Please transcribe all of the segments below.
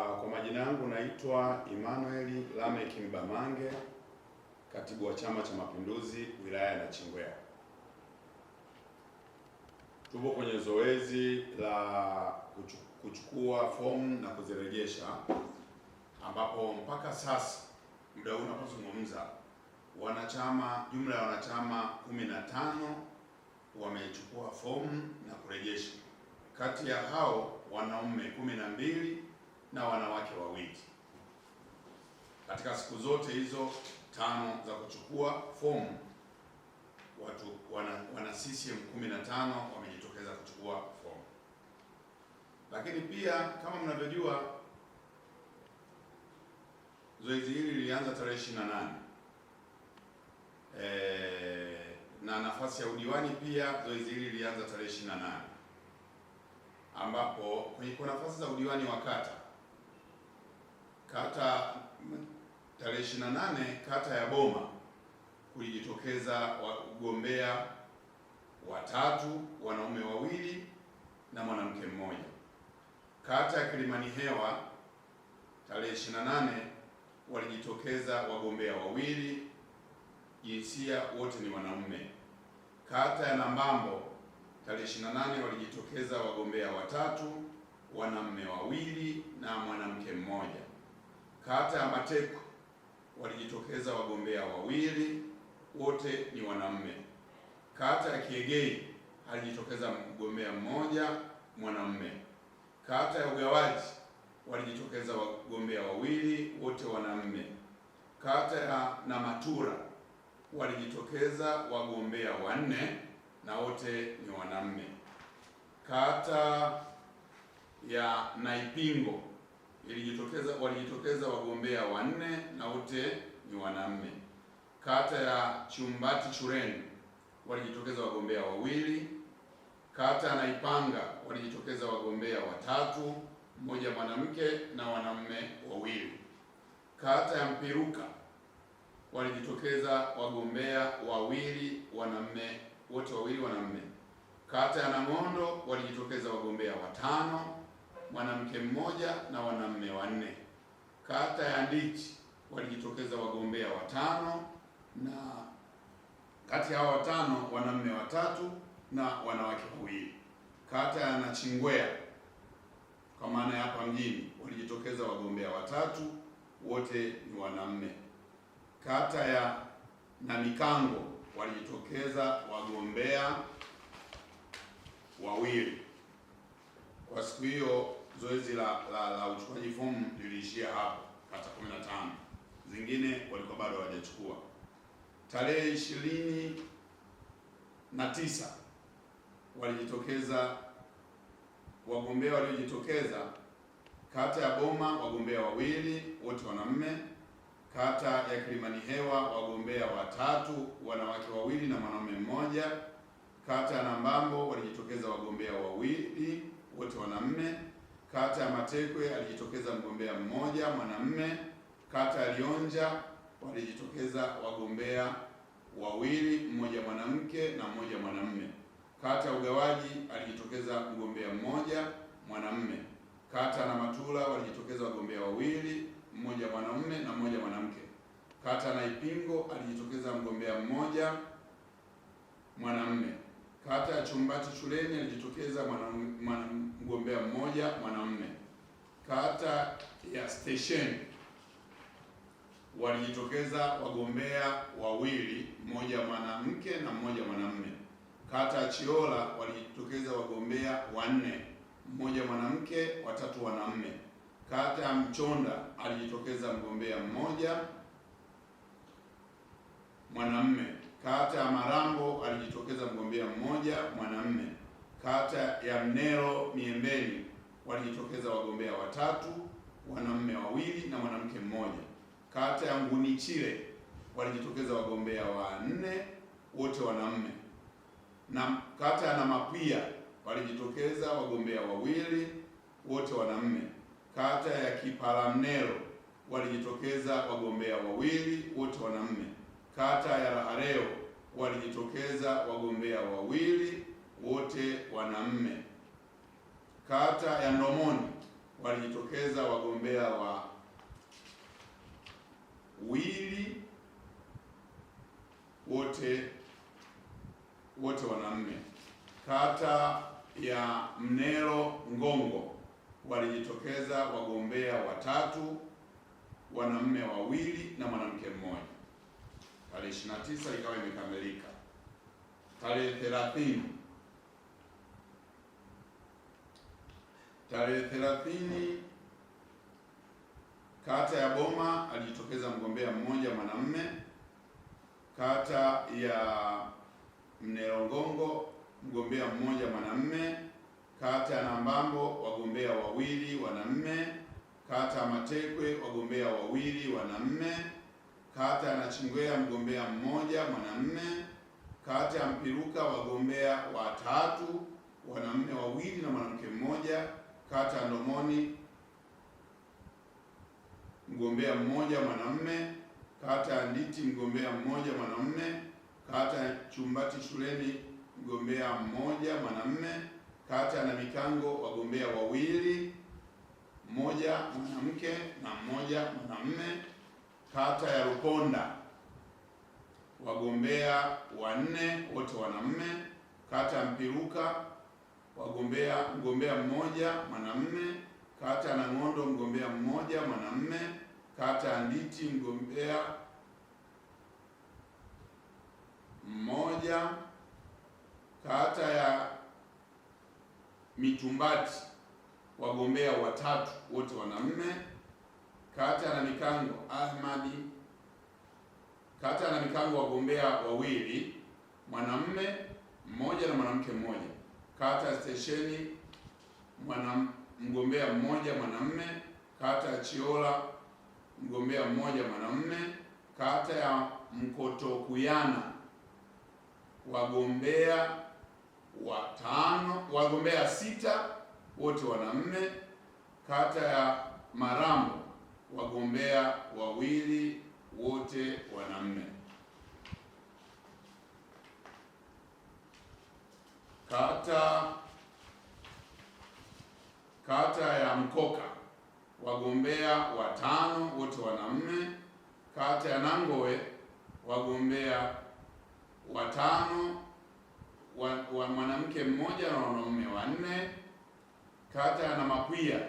Ah, kwa majina yangu naitwa Emmanuel Lameck Mbamange, katibu wa Chama cha Mapinduzi wilaya ya Nachingwea. Tupo kwenye zoezi la kuchukua fomu na kuzirejesha, ambapo mpaka sasa muda huu unapozungumza, wanachama jumla ya wanachama 15 wamechukua fomu na kurejesha. Kati ya hao wanaume kumi na mbili na wanawake wawili katika siku zote hizo tano za kuchukua fomu. Watu wana, wana CCM 15 wamejitokeza kuchukua fomu, lakini pia kama mnavyojua zoezi hili lilianza tarehe 28 e, na nafasi ya udiwani pia zoezi hili lilianza tarehe 28 ambapo kwenye nafasi za udiwani wa kata kata tarehe 28 kata ya Boma kulijitokeza wagombea watatu, wanaume wawili na mwanamke mmoja. Kata ya Kilimani Hewa tarehe 28 walijitokeza wagombea wawili, jinsia wote ni wanaume. Kata ya Nambambo tarehe 28 walijitokeza wagombea watatu, wanaume wawili na mwanamke mmoja. Kata ya Mateko walijitokeza wagombea wawili, wote ni wanaume Kata ya Kiegei alijitokeza mgombea mmoja mwanamume. Kata ya Ugawaji walijitokeza wagombea wawili, wote wanaume. Kata ya Namatura walijitokeza wagombea wanne na wote ni wanaume. Kata ya Naipingo ilijitokeza walijitokeza wagombea wanne na wote ni wanaume. Kata ya Chumbati Chureni walijitokeza wagombea wawili. Kata ya Naipanga walijitokeza wagombea watatu, mmoja mwanamke na wanaume wawili. Kata ya Mpiruka walijitokeza wagombea wawili wanaume, wote wawili wanaume. Kata ya Nang'ondo walijitokeza wagombea watano mwanamke mmoja na wanaume wanne. Kata ya Ndichi walijitokeza wagombea watano, na kati ya hao watano wanaume watatu na wanawake wawili. Kata ya Nachingwea kwa maana ya hapa mjini walijitokeza wagombea watatu, wote ni wanaume. Kata ya Namikango walijitokeza wagombea wawili. Kwa siku hiyo zoezi la, la, la uchukuaji fomu liliishia hapo kata 15, zingine walikuwa bado hawajachukua. Tarehe ishirini na tisa walijitokeza wagombea waliojitokeza kata ya Boma wagombea wawili wote wanaume kata ya Kilimani Hewa wagombea watatu wanawake wawili na mwanaume mmoja, kata ya Nambambo walijitokeza wagombea wawili wote wanaume, Kata ya Matekwe alijitokeza mgombea mmoja mwanamme kata ya Lionja walijitokeza wagombea wawili, mmoja mwanamke na mmoja mwanamme. Kata ya Ugawaji alijitokeza mgombea mmoja mwanamme. Kata na Matula walijitokeza wagombea wawili, mmoja mwanamme na mmoja mwanamke. Kata na Ipingo alijitokeza mgombea mmoja mwanamme. Kata ya Chumbati shuleni alijitokeza mgombea mmoja mwanamume. Kata ya Station walijitokeza wagombea wawili, mmoja mwanamke na mmoja mwanamume. Kata ya Chiola walijitokeza wagombea wanne, mmoja mwanamke, watatu wanaume. Kata ya Mchonda alijitokeza mgombea mmoja mwanamume kata ya Marambo alijitokeza mgombea mmoja mwanamume, kata ya Mnero Miembeni walijitokeza wagombea watatu wanaume wawili na mwanamke mmoja. Kata ya Ngunichile walijitokeza wagombea wanne wote wanaume, na kata ya Namapia walijitokeza wagombea wawili wote wanaume. Kata ya Kiparamnero walijitokeza wagombea wawili wote wanaume kata ya Rahareo walijitokeza wagombea wawili wote wanamme. Kata ya Ndomoni walijitokeza wagombea wili wote wote wanaume. Kata ya Mnero Ngongo walijitokeza wagombea watatu, wanamme wawili na mwanamke mmoja tarehe 29 ikawa imekamilika. Tarehe 30 tarehe 30 kata ya Boma alijitokeza mgombea mmoja mwanamume, kata ya Mnerongongo mgombea mmoja mwanamume, kata ya Nambambo wagombea wawili wanamme kata ya Matekwe wagombea wawili wanaume kata ya Nachingwea mgombea mmoja mwanamume, kata ya Mpiruka wagombea watatu wanaume wawili na mwanamke mmoja, kata ya Ndomoni mgombea mmoja mwanamume, kata ya Nditi mgombea mmoja mwanamume, kata ya Chumbati shuleni mgombea mmoja mwanamume, kata ya Namikango wagombea wawili, mmoja mwanamke na mmoja mwanamume kata ya Ruponda wagombea wanne wote wanaume Kata ya Mpiruka wagombea mgombea mmoja mwanamume. Kata ya Nang'ondo mgombea mmoja mwanamume. Kata ya Nditi mgombea mmoja. Kata ya Mitumbati wagombea watatu wote wanaume kata na Mikango Ahmadi, kata na Mikango wagombea wawili, mwanamme mmoja na mwanamke mmoja. Kata stesheni mgombea mmoja mwanamme Kata ya Chiola mgombea mmoja mwanamme Kata ya Mkotokuyana wagombea watano, wagombea sita wote wanamme Kata ya Marambo wagombea wawili wote wanaume. Kata kata ya Mkoka wagombea watano wote wanaume. Kata ya Nangowe wagombea watano wa, wa mwanamke mmoja na wanaume wanne. Kata ya Namakwia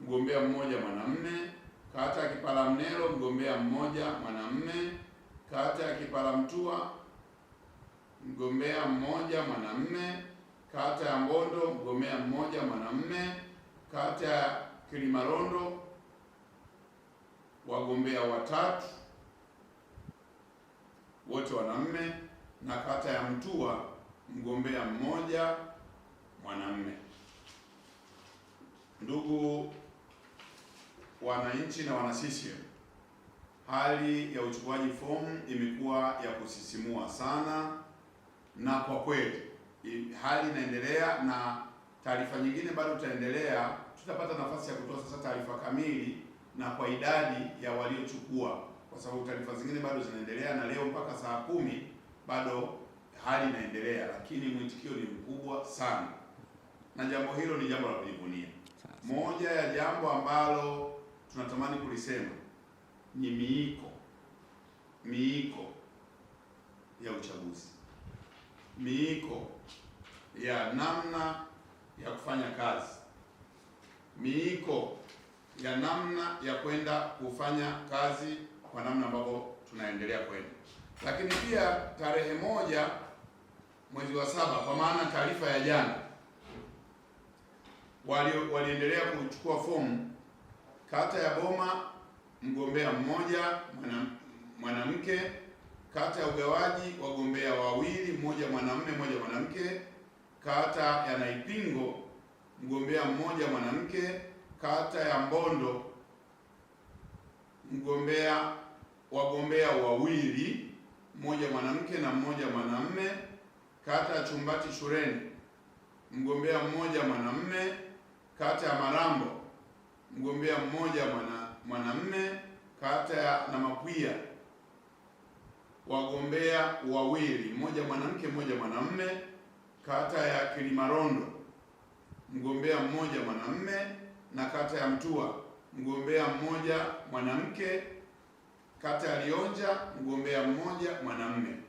mgombea mmoja mwanamume kata ya Kipalamnelo mgombea mmoja mwanamme kata ya Kipalamtua mgombea mmoja mwanamme kata ya Mbondo mgombea mmoja mwanamme kata ya Kilimarondo wagombea watatu wote wanamme na kata ya Mtua mgombea mmoja mwanamme. Ndugu wananchi na wana CCM, hali ya uchukuaji fomu imekuwa ya kusisimua sana, na kwa kweli hali inaendelea na taarifa nyingine bado tutaendelea, tutapata nafasi ya kutoa sasa taarifa kamili na kwa idadi ya waliochukua, kwa sababu taarifa zingine bado zinaendelea, na leo mpaka saa kumi bado hali inaendelea, lakini mwitikio ni mkubwa sana, na jambo hilo ni jambo la kujivunia. Moja ya jambo ambalo tunatamani kulisema ni miiko, miiko ya uchaguzi, miiko ya namna ya kufanya kazi, miiko ya namna ya kwenda kufanya kazi kwa namna ambavyo tunaendelea kwenda. Lakini pia tarehe moja mwezi wa saba, kwa maana taarifa ya jana, waliendelea kuchukua fomu kata ya Boma mgombea mmoja mwanamke, kata ya Ugawaji wagombea wawili, mmoja mwanamume mmoja mwanamke, kata ya Naipingo mgombea mmoja mwanamke, kata ya Mbondo mgombea wagombea wawili, mmoja mwanamke na mmoja mwanamume, kata ya Chumbati Shuleni mgombea mmoja mwanamume, kata ya Marambo mgombea mmoja mwana mwanamume kata ya namakwia wagombea wawili, mmoja mwanamke mmoja mwanamume. Kata ya Kilimarondo, mgombea mmoja mwanamume, na kata ya Mtua, mgombea mmoja mwanamke. Kata ya Lionja, mgombea mmoja mwanamume.